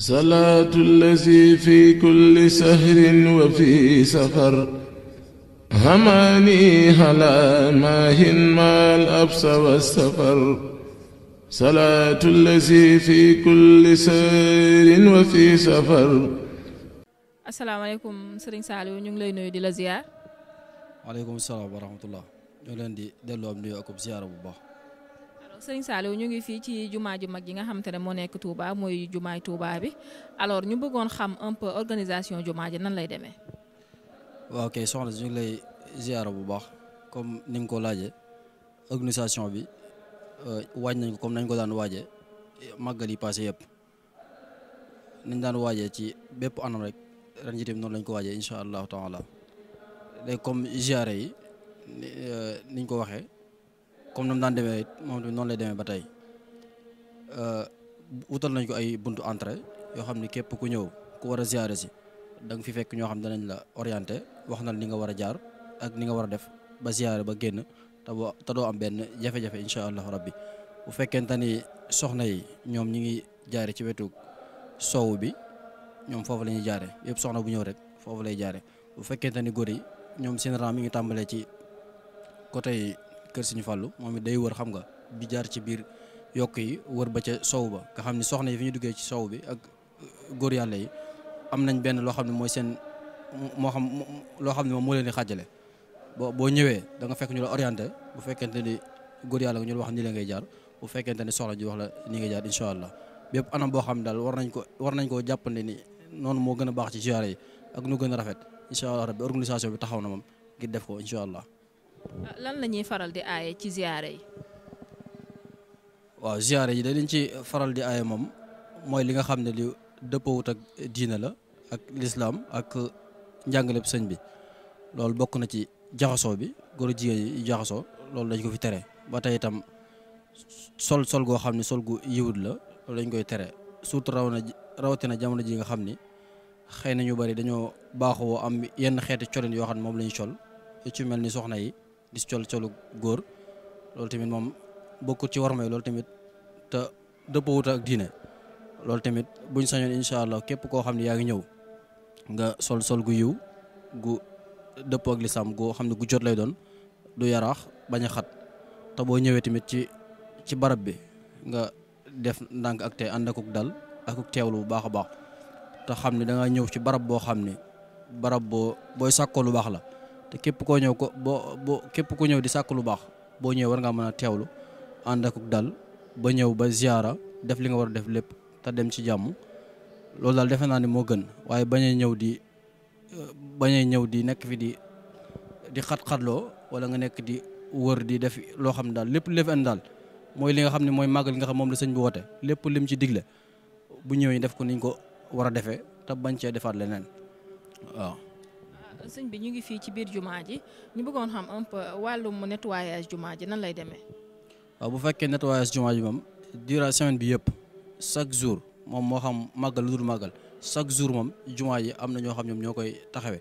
صلاة الذي في كل سهر وفي سفر هماني هلا ماهن ما الأبس والسفر صلاة الذي في كل سهر وفي سفر السلام عليكم سرين سالو نيو نغي نوي دي لا زيار وعليكم السلام ورحمه الله ñu leen di delloo am nuyu sëñ Saliou ñu ngi fii ci jumaa ju mag yi nga xam te ne moo nekk Touba mooy jumaay Touba bi alors ñu bëggoon xam un peu organisation jumaa ji nan lay demee. waaw kay soxna si ñu lay ziara bu baax comme niñ ko laaje organisation bi euh, waaj nañ ko comme nañ ko daan waaje màggal yi passé yëpp nañ daan waajee ci bépp anam rek ren jitim noonu lañ ko waajee incha allahu taala léegi comme ziara yi euh, niñ ko waxee. comme ni mu demee moom tamit noonu lay demee ba tey wutal euh, nañ ko ay buntu entrée yoo xam ni képp ku ñëw ku war a ziare si danga fi fekk ñoo xam danañ la orienté wax na ni nga war a jaar ak ni nga war a def ba ziare ba génn te boo te doo am benn jafe-jafe incha allahu rabbi bu fekkente ni soxna yi ñoom ñi ngi jaare ci wetu soow bi ñoom foofu la ñuy jaare yëpp soxna bu ñëw rek foofu lay jaare bu fekkente ni góor yi ñoom seen ram mi ngi tàmbalee ci côté kër Serigne fallu momi day wër xam nga bi jaar ci bir yok yi wër ba ca sow ba nga xamni soxna yi fiñu duggé ci sow bi ak uh, gor yalla yi am nañ ben lo xamni moy sen mo xam lo xamni mo leen di xàjjale bo boo ñëwee da nga fekk ñu la orienter bu fekkante ni gor yalla ñu la wax ni la ngay jaar bu fekkante ni soxla ji wax la ni ngay jaar inshallah bëpp anam bo xam ne war nañ ko war nañ ko japp ni non moo gën baax ci ziyaara ak nu gëna rafet inshallah rabbi organisation bi taxaw na mom gi def ko inshallah lan lañuy faral di aaye ci ziyaare yi. waaw ziyaare yi dañ ci faral di aaye moom mooy li nga xam ne li dëppoowut ak diina la ak lislaam ak njàngaleb sëñ bi loolu bokk na ci jaxasoo bi góor jigéen yi jaxasoo loolu dañ ko fi tere ba tey itam sol sol goo xam ne sol gu la loolu dañ koy tere surtout raw na rawatina jamono ji nga xam ni xëy na ñu bari dañoo baaxoo am yenn xeeti colin yoo xam ne moom lañu sol ci mel ni soxna yi di col colu gor lol tamit mom bokku ci warmay lol tamit te wut ak dine lol tamit buñ sañon inshallah kep ko xamni xam ne nga sol sol gu yiw gu depo ak lislaam go xamni gu jot lay doon du yarax baña xat ta bo ñewé tamit ci ci barab bi nga def ndank ak te ànd akuk dal akuk tewlu bu baax a baax te xamni da nga ñew ci barab bo xamni barab bo boy sakko lu baax la te kep ko ñew ko bo bo kep ko ñew di sakku lu bax bo ñew war nga mëna tewlu and ànd ak dal ba ñew ba ziara def li nga war def lepp ta dem ci jamm lool dal defe naa ni mo gën waye baña ñew di baña ñew di nek fi di di xat-xatloo wala nga nek di wër di def lo xam dal lepp lepp en daal li nga xamni moy magal nga xam mom la señ bu woote lepp lim ci digle bu ñëwee def ko niñ ko wara a ta bañ ci defaat leneen waaw sëñ bi ñu ngi fii ci biir jumaa ji ñu bëggoon xam un peu wàllum nettoyage jumaa ji nan lay demee. waaw bu fekkee nettoyage jumaa ji moom durant semaine bi yëpp chaque jour moom moo xam màggal lu dul màggal chaque jour moom jumaa yi am na ñoo xam ñoom ñoo koy taxawee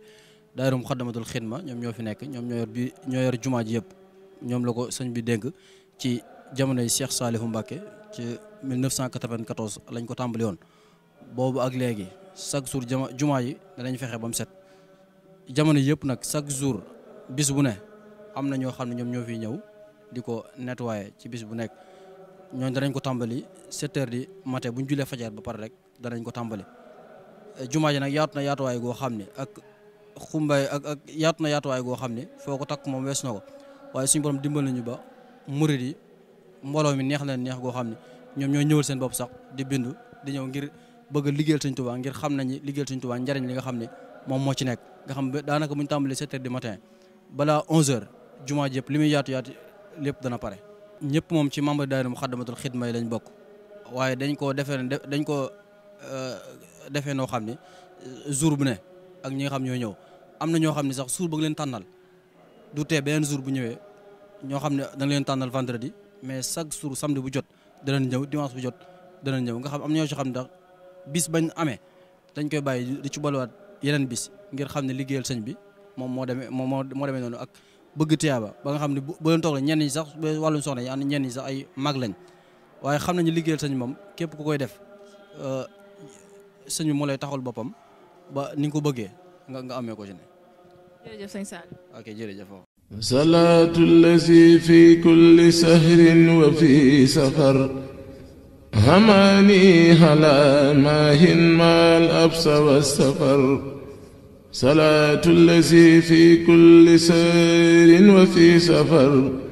daarum xaddamatul xidma ñoom ñoo fi nekk ñoom ñoo yor bi ñoo yor jumaa ji yëpp ñoom la ko sëñ bi dénk ci jamonoy Cheikh Salifou Mbacké ci 1994 lañ ko tàmbali woon boobu ak léegi chaque jour jama jumaa yi danañ fexe ba mu set. jamono yëpp nag chaque jour bis bu ne am na ñoo xam ne ñoom ñoo fi ñëw di ko nettoyer ci bis bu nekk ñooñ danañ ko tàmbali 7 heures di matin bu ñu fajar ba pare rek danañ ko tàmbali. jumaa ji nag yaatu na yaatuwaay goo xam ne ak xumbaay ak ak yaatu na yaatuwaay goo xam ne foo ko takk moom wees na ko waaye suñu borom dimbal nañu ba murid yi mbooloo mi neex na neex goo xam ne ñoom ñoo ñëwal seen bopp sax di bindu di ñëw ngir bëgg a liggéeyal Sëñ Tuubaa ngir xam nañ liggéeyal Sëñ Tuubaa njariñ li nga xam ne moom moo ci nekk nga xam daanaka bu ñu tàmbalee 7 matin balaa 11 heures jumaa jëpp li muy yaatu yaatu lépp dana pare. ñëpp moom ci membre daayira Muxaddamatul Xidma yi lañ bokk waaye dañ koo defee dañ koo euh, defee noo xam ne euh, jour bu ne ak ñi nga xam ñoo ñëw am na ñoo xam ne sax jour ba nga leen tànnal du tee beneen jour bu ñëwee ñoo xam ne da nga leen tànnal vendredi mais chaque jour samedi bu jot danañ ñëw dimanche bu jot danañ ñëw nga xam am na ñoo ci xam ndax bis bañ amee dañ koy bàyyi yeneen bis ngir xam ne liggéeyal sëñ bi moom moo demee moom moo moo demee noonu ak bëgg tiyaaba ba nga xam ne bu bu leen toog la ñenn ñi sax wàllum soxna yi am ñi sax ay mag lañ waaye xam ñu liggéeyal sëñ moom képp ku koy def sëñ bi moo lay taxawal boppam ba ni ko bëggee nga nga amee ko ci ne. jërëjëf sëñ Sall. ok jërëjëf. salaatu lazi fi kulli sahrin wa fi safar. غماني هلا ماهن ما الأبس والسفر صلاة الذي في كل سير وفي سفر